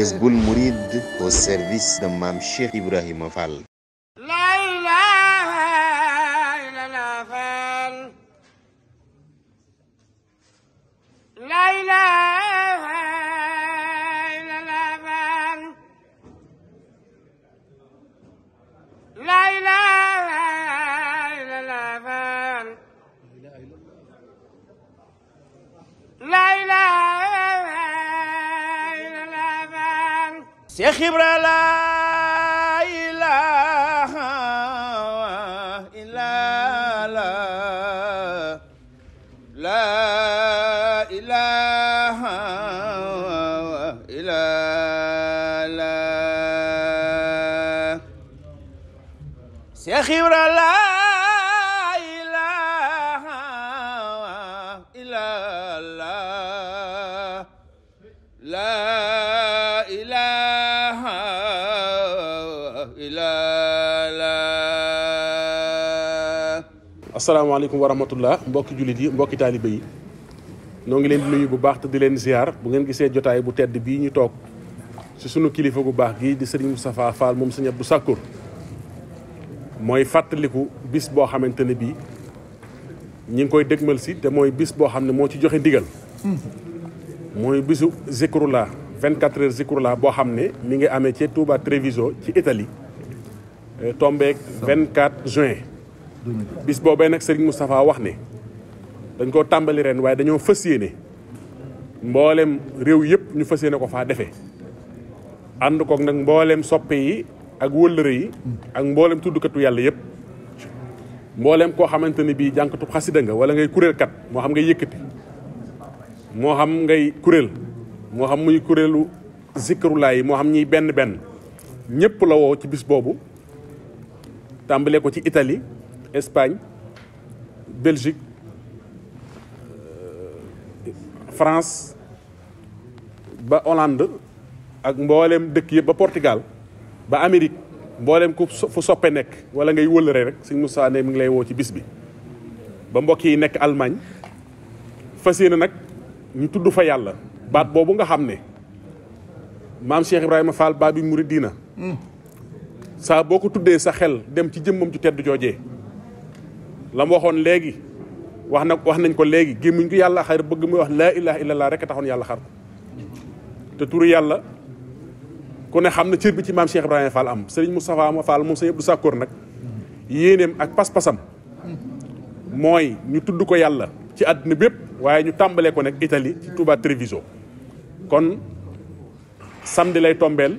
Jazboul Mouride au service de Mame Cheikh Ibrahima Fall. la Seex Ibra laa ilaaha illallah laa ilaaha illallah Seex Ibra ilaalah asalaamaaleykum wa rahmatullah mbokki jullit yi mbokki taalibe yi noo ngi leen di nuyu bu baax te di leen ziar bu ngeen gisee jotaay bu tedd bii ñu toog ci sunu kilifa gu baax gi di sëriñ Moustapha Fall moom sëñ bu Sakkour mooy fàttaliku bis boo xamante ne bii ñi ngi koy dégmal si te mooy bis boo xam ne moo ci joxe ndigal mooy bisu Zikrullah 24 heures Zikrullah boo xam ne mi ngi ame ci Touba Treviso ci Italie Euh, tombeek 24 juin bis boobee nag Serigne Moustapha wax ne dañ koo tàmbali ren waaye dañoo fës yéene mboolem réew yëpp ñu fas yéene ko faa defee ànd koog nag mboolem soppe yi ak wëllëre yi ak mboolem tuddkatu yàlla yëpp mbooleem koo xamante ne bii jànkatu xasida nga wala ngay kuréel kat moo xam ngay yëkkati moo xam ngay kuréel moo xam muy kuréelu zikrulaay yi moo xam ñiy benn benn ñëpp lawoo ci bis boobu tambalé ko ci Italie Espagne Belgique euh, France Hollande ak ba Portugal ba Amérique mbollem ko fu soppé nek wala ngay rek Moussa Allemagne ñu fa nga Cheikh Ibrahima Fall saa boo ko tuddee sa xel dem ci jëmmam ju tedd joojee la mu waxoon léegi wax na wax nañ ko léegi gémmiñ ko yàlla xar bëgg muy wax laa ilaha illallah rek a taxoon yàlla xar ko te turu yàlla ku ne xam na cër bi ci maam Cheikh Ibrahima Fall am sëriñ Moustapha Fall moom sëriñ Abdou Sakkoor nag yéeneem ak pas-pasam mooy ñu tudd ko yàlla ci àdduna bépp waaye ñu tàmbalee ko nag Italie ci Touba Treviso kon samedi lay tombeel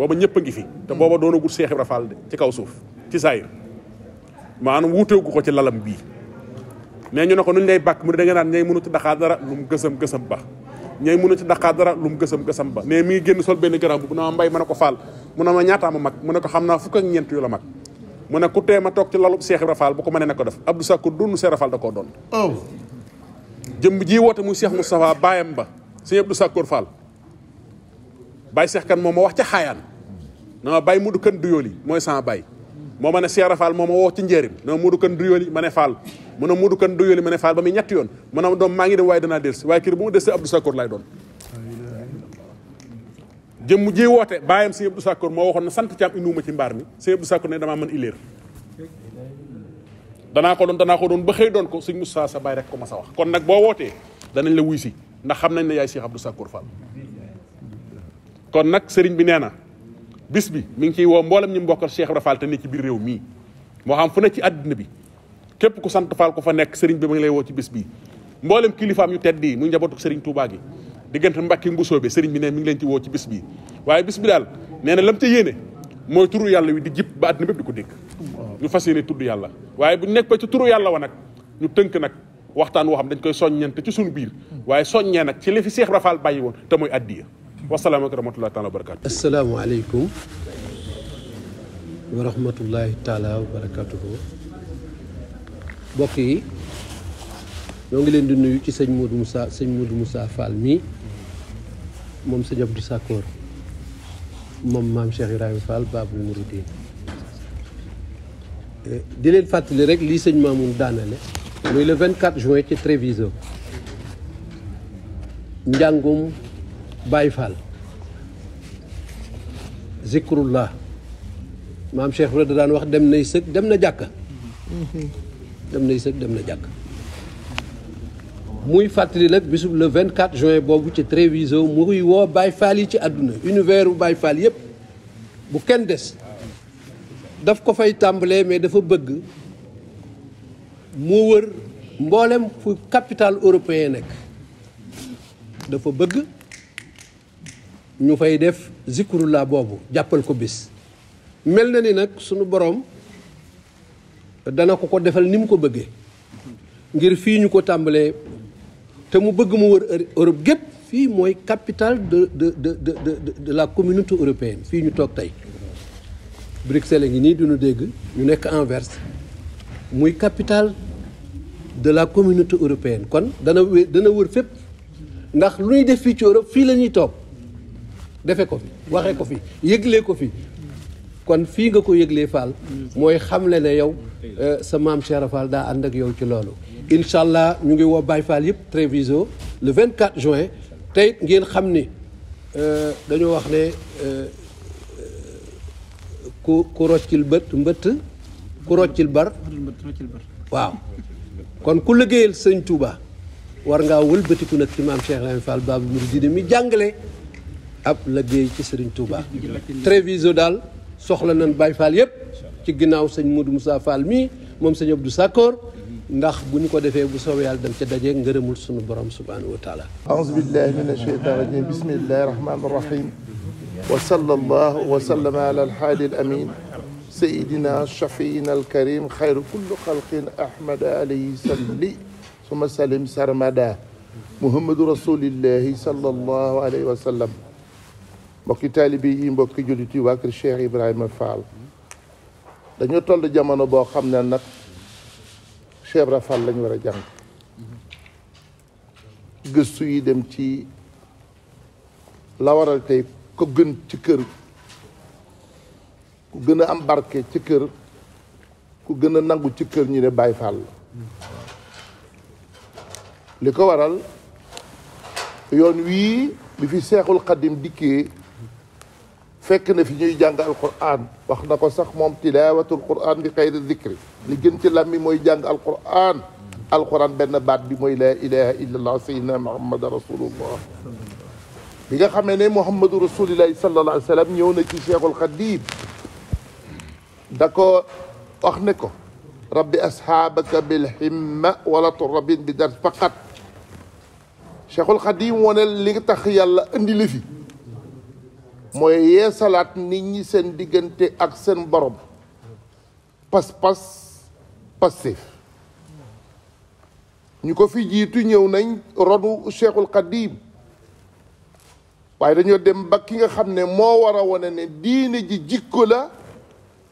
booba ñëpp a ngi fi te booba doonagul Cheikh Ibra Fall de ci kaw suuf ci saayir maanaam wuuteegu ko ci lalam bii mais ñu ne ko nuñ lay bàkk mu ne da nga naan ñay mënu ci daqaa dara lu mu gësam gësam ba ñay mënu ci daqaa dara lu mu gësam gësam ba mais mi ngi génn sol benn garab bu na mbay mën a ko faal mu ne ma ñaataa ma mag mu ne ko xam naa fukk ak ñeent yu la mag mu ne ku tee toog ci lalu Cheikh Ibra Fall bu ko mënee na ko def Abdou sakku dund Cheikh Ibra Fall da koo doon oh. jëm ji woote mu Cheikh Moustapha baayam ba sëñ Abdou sakku Fall bàyyi Cheikh kan moom wax ca xaayaan dama bay mudu kën duyooli mooy sama bay moo ma ne Seera faal moo ma woo ci njëriñ na mudu kën duyooli ma ne Fall mu ne mudu kën duyooli ma ne Fall ba muy ñetti yoon mu ne doom maa ngi dem waaye danaa delsi waaye kër bu mu des Abdou Sakkoor lay doon jëmm ji woote bàyyam sëñ Abdou Sakkoor moo waxoon na sant ci am indiwuma ci mbaar mi sëñ Abdou Sakkoor ne damaa mën iléer danaa ko doon danaa ko doon ba xëy doon ko sëñ Moussa sa baay rek ko ma sa wax kon nag boo wootee danañ la si ndax nañ ne yaay Cheikh Abdou Sakkoor nag sëriñ bi nee na bis bi mi ngi ciy woo mboolem ñu mbokkal Cheikh Ibra Fall te ne ci biir réew mii moo xam fu ne ci àddina bi képp ku sant Fall ko fa nekk sëriñ bi mu ngi lay woo ci bis bi mboolem kilifaam yu tedd yi muy njabootu sëriñ Touba gi diggante Mbàkke Mbusoobe sëriñ ne mi ngi leen ci woo ci bis bi waaye bis bi daal nee na lam ca yéene mooy turu yàlla wi di jib ba àddina bépp di ko dégg ñu fas yéene tudd yàlla waaye bu nekk ba ci turu yàlla wa nag ñu tënk nag waxtaan woo xam dañ koy soññante ci suñu biir waaye soññee nag ci li fi Cheikh Ibra bàyyi woon te mooy addiya wa salam wa taala wa wa rahmatullahi taala wa barakatuh ngi leen di nuyu ci Modou Moussa Modou Moussa Fall mi vous Abdou vous vous mam Cheikh Ibrahima Fall Mouridine eh, di leen fàttali rek le 24 juin ci bàyyi Fall zikrullah maam Cheikh Ibra da daan wax dem nay sëg dem na jàkk dem nay sëg dem na jàkk muy fàttali nag bisub le 24 juin boobu ci Treviso muy woo Baye Fall yi ci àdduna univers bu Baye Fall yëpp bu kenn des daf ko fay tàmbalee mais dafa bëgg mu wër mboolem fu capital européen nekk dafa bëgg ñu fay def zikrullah bobu jàppal ko bis mel na ni nag sunu boroom dana ko ko defal nim ko bëggee ngir fi ñu ko tambalé té mu bëgg mu wër Europe gep fi moy capitale de de de de de la communauté européenne fi ñu tok tay Bruxelles ngi nii duñu dégg ñu nekk Anvers muy capitale de la communauté européenne kon dana dana wër fep ndax lu def fi ci Europe la defe ko fi waxee ko fi yëglee ko fi kon fii nga ko yëglee Fall mooy xamle ne yow euh, sa maam Cheikh Fall daa ànd ak yow ci loolu incha allah ñu ngi woo Baye Fall yëpp Treviso le 24 juin tey ngeen xam ni euh, dañoo wax ne euh, ku ku roccil bët mbëtt ku roccil bar waaw kon ku liggéeyal sëñ Touba war ngaa wëlbatiku nag ci maam Cheikh Ibrahima Fall Baabul Muridiina mi jàngale ab liggéey ci Serigne Touba. Treviso daal soxla nañ Baye Fall yëpp ci ginnaaw sëñ Modou Moussa Fall mii moom sëñ Abdou Sakkoor ndax bu ñu ko defee bu soobee yàlla dem ca daje ngërëmul sunu borom subhanahu wa taala. aouzu billahi min ashaytan rajim bismillahi rahmani rahim wa sallallahu wa sallama ala alhaadi al amin سيدنا شفينا الكريم خير كل خلق أحمد عليه صلي ثم سلم سرمدا محمد رسول الله صلى الله عليه وسلم mbokki taalibe yi mbokki jullit yi waa kër Cheikh Ibrahima Fall dañoo toll jamono boo xam ne nag Cheikh Ibra Fall war a jàng gëstu yi dem ci la waral tey ko gën ci kër ku gën a am barke ci kër ku gën a nangu ci kër ñu ne Baay Fall li ko waral yoon wii bi fi Seexul Xadim dikkee فك نفيني جانغ القرآن وحنا قصخ مم تلاوة القرآن بغير الذكر لجنت لمي مي جانغ القرآن القرآن بين بعد بمي لا إله إلا الله سيدنا محمد رسول الله بيجا خميني محمد رسول الله صلى الله عليه وسلم يونا كشيخ الخديب داكو أخنكو ربي أصحابك بالحمة ولا تربين بدر فقط شيخ الخديم وانا اللي تخيل اندي لفي mooy salaat nit ñi seen diggante ak seen borom pas-pas passif ñu ko fi jiitu ñëw nañ ronu cheikhul qadim waaye dañoo dem ba ki nga xam ne moo war a wane ne diine ji jikko la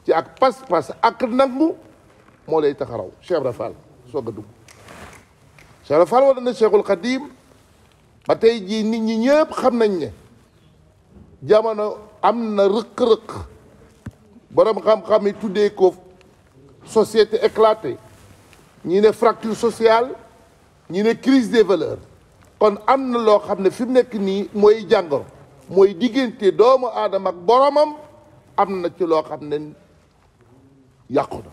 ci ak pas-pas ak nangu moo lay taxaraw cheikh rafal soog a dugg cheikh rafal wane na cheikhul qadim ba tey jii nit ñi ñëpp xam nañ ne jamono am na rëq-rëq borom xam-xam yi tuddee ko société éclatée ñi ne fracture sociale ñi ne crise des valeurs kon am na loo xam ne fi mu nekk nii mooy jàngoro mooy diggante doomu aadama ak boromam am na ci loo xam ne yàqu na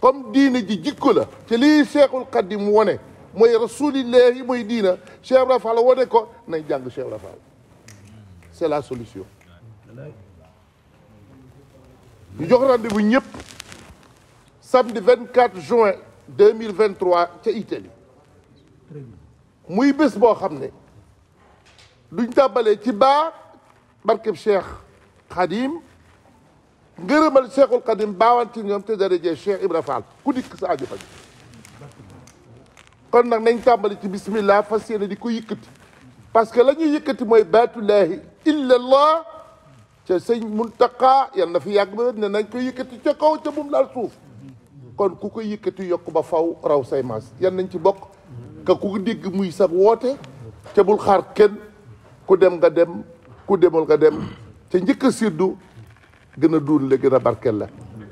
comme diina ji jikko la ci lii Cheikhul Khadim wone mooy yi mooy diina Cheikh Ibra Fall wone ko nañ jàng Cheikh Ibra c'est la solution ñu jox rendez-vous samedi 24 juin 2023 ca Italie muy bés bo xamné ne duñ tàmbalee ci ba barkeb Cheikh Khadim ngeureumal Cheikhul Khadim ñom té te darëjee Cheikh Ibrahim. Fall ku dik sa aju kon nak nañ tabalé ci bismillah fasiyé di ko yëkëti parce que la ñuy yëkkati mooy lahi. illallah ca sëñ Muntaqa yal na fi yàgg ba ne nañ ko yëkkati ca kaw ca bum laal suuf kon ku ko yëkkati yokk ba faw raw say maas yal nañ ci bokk ka ku dégg muy sax woote ca bul xaar kenn ku dem nga dem ku demul nga dem ca njëkk a siddu gën a duun la gën a barkeel la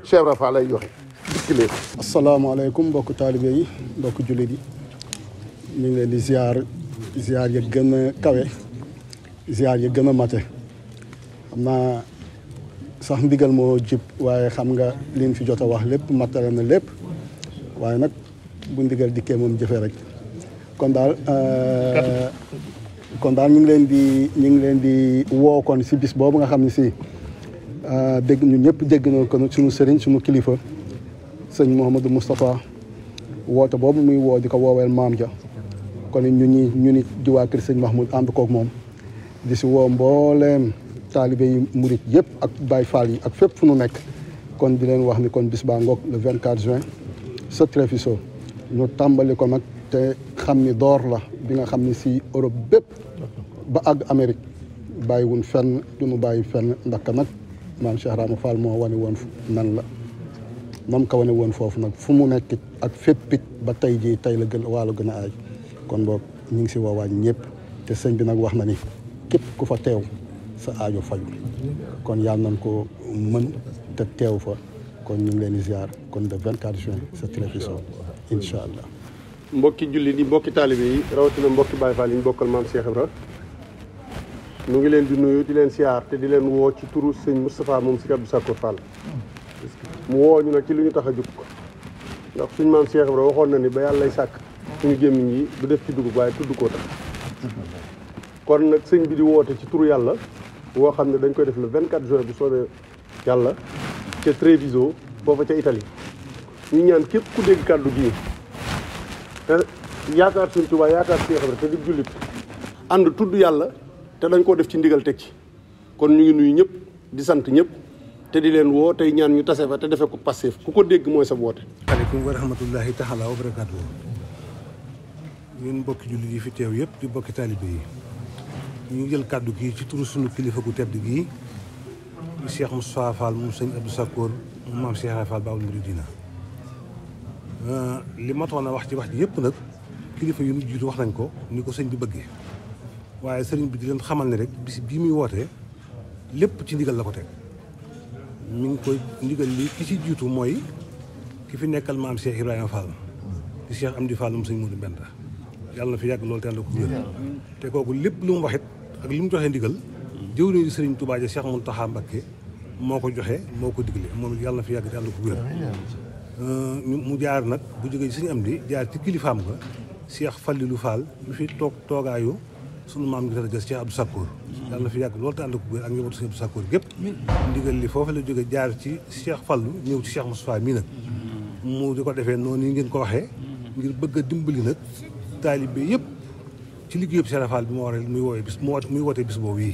Cheikh lay joxe dikki leen asalaamaaleykum mbokk taalibe yi mbokk jullit yi ñu ngi leen di ziar ziar ya gën a kawe ziar yi gën a mate xam naa sax ndigal moo jib waaye xam nga liñ fi jot a wax lépp matale na lépp waaye nag bu ndigal dikkee moom jëfee rek kon daal euh, kon daal ñu ngi leen di ñu ngi leen di woo kon si bis boobu nga xam ne si euh, dégg ñu ñëpp dégg na ko suñu sëriñ suñu kilifa sëñ Mouhamadou Moustapha woote boobu muy woo di ko wooweel maam ja kon ñu ñi ñu nit di sëñ Mahmoud ànd kook moom di si woo mbooleem taalibe yi murit yëpp ak Baay Faal yi ak fépp fu nu nekk kon di leen wax ni kon bis baa ngoog le 24 juin sa Treviso ñu tàmbali ko nag te xam ni door la bi nga xam ni si Europe bépp ba àgg Amérique bàyyi wun fenn duñu bàyyi fenn ndax nag maam Cheikh Rama Fall moo wane woon nan la moom ka wane woon foofu nag fu mu nekkit ak féppit ba tey jii tey la gën a waalo gën a aay kon boog ñu ngi si woowaañ ñëpp te sëñ bi nag wax na ni képp ku fa teew sa aajo faju kon yàlla nañ ko mën te teew fa kon ñu ngi leen di ziar kon de 24 juin sa télévision incha allah. mbokki jullit yi mbokki taalibe yi rawatina mbokki Baye Fall yi ñu bokkal maam Cheikh Ibra mu ngi leen di nuyu di leen siyaar te di leen woo ci turu sëñ Moustapha moom si Abdou Sakkour Fall mu woo ñu nag ci li ñu tax a jug ndax suñ maam Cheikh Ibra waxoon na ni ba yàlla lay sàkk suñu gémmiñ yi du def ci dugub waaye tudd koo kon nag sëñ bi di woote ci turu yàlla woo xam ne dañ koy def le 24 juin bu soobee yàlla ca Treviso foofa ca Italie ñu ñaan képp ku dégg kàddu gii te yaakaar suñ Tuubaa yaakaar suñu xam te di jullit ànd tudd yàlla te dañ koo def ci ndigal teg ci kon ñu ngi nuyu ñëpp di sant ñëpp te di leen woo tey ñaan ñu tase fa te defee ko passif ku ko dégg mooy sa woote. aleykum wa rahmatullahi taala wa barakaatu ñun mbokki jullit yi fi teew yëpp di mbokki taalibe yi. ñu jël kàddu kii ci turu sunu kilifa gu tedd gii di Cheikh Moustapha Fall moom sëñ Abdou Sakkoor mu maam Cheikh Ibra Fall Baabul Muridiina euh, li matoon wax ci wax ji yépp nag kilifa yu nu jiitu wax nañ ko ni ko sëñ bi bëggee waaye sëriñ bi di leen xamal ne rek bi muy wootee lépp ci ndigal la ko teg mi ngi koy ndigal li ki ci jiitu mooy ki fi nekkal maam Cheikh Ibrahima Fall di Cheikh Amdi Fall moom sëñ Modou Mbenda yàlla na fi yàgg loolu te kooku lépp lu mu waxit ak li mu joxe ndigal jëwriñu sëriñ Touba ja Cheikh Mountakha Mbacké moo ko joxe moo ko digle moom yàlla na fi yàgg di ànd ko wér mu jaar nag bu jógee ci suñu am di jaar ci kilifaam nga Cheikh Fallilou Fall lu fi toog toogaayu sunu maam ngi tata gas Cheikh Abdou Sakkour yàlla na fi yàgg loolu te ànd ko wér ak njabootu Cheikh Abdou Sakkour gépp ndigal li foofu la jóge jaar ci Cheikh fallu ñëw ci Cheikh Moustapha mii nag mu di ko defee noonu ngeen ko waxee ngir bëgg a dimbali nag taalibe yëpp ci liggéeyub Serigne Fall bi moo waral muy woowee bis mu muy wootee bis boobu yi.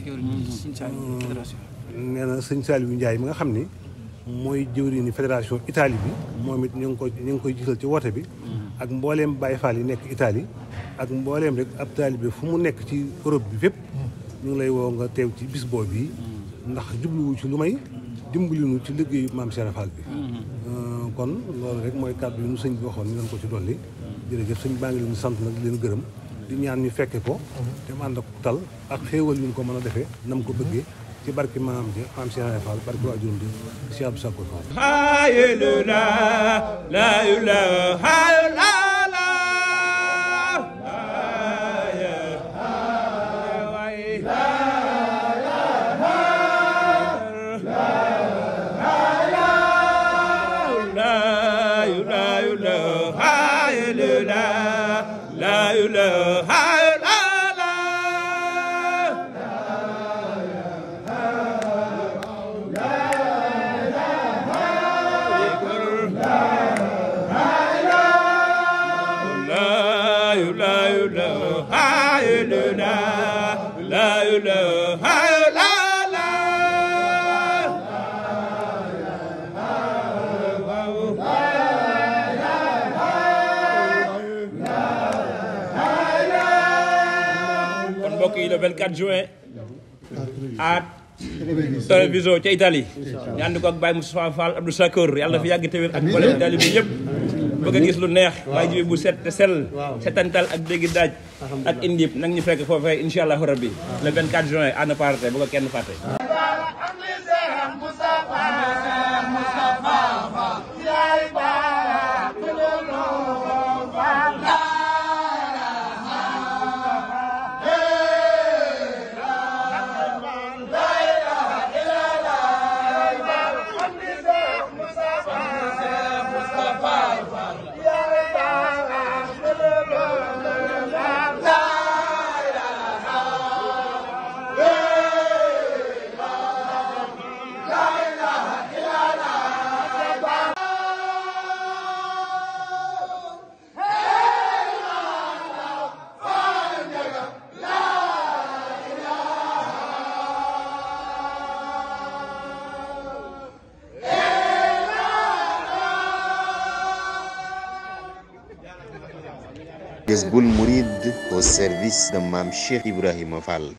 nee na sëñ Saliou Ndiaye mi nga xam ni mooy jëwriñu fédération Italie bi moom it ñu ngi koy ñu ngi koy jiital ci woote bi. Mm-hmm. ak mbooleem Baye Fall yi nekk Italie ak mbooleem rek ab taalibe fu mu nekk ci Europe bi fépp. Mm-hmm. ñu lay woo nga teew ci bis boobu yi. Mm-hmm. ndax jubluwu ci lu may dimbali nu ci liggéeyu maam Serigne Fall bi. Euh, kon loolu rek mooy kàddu yu nu sëñ bi waxoon ñu leen ko ci dolli. jërëjëf sëñ baa ngi leen sant nag leen gërëm. di ñaan ñu fekke ko te mu ànd ak tal ak xéewal yu ñu ko mën a defee nam ko bëggee ci barki maam ji maam Cheikh Ibra Fall barki waajuram ji Cheikh Abdou Sakor Fall le 24 juin à Treviso ca Italie ñu ànd ko ak Baye Moustapha Fall Abdou Sakor yàlla na fi yàgg te wér ak mboolem Italie bi yëpp bëgg a gis lu neex waaye jibi bu set te sell setantal ak déggi daaj ak indi nag ñu fekk foofee insha rabbi le 24 juin à ne pas rater bu ko kenn fàtte Jazboul Mouride au service de Mame Cheikh Ibrahima Fall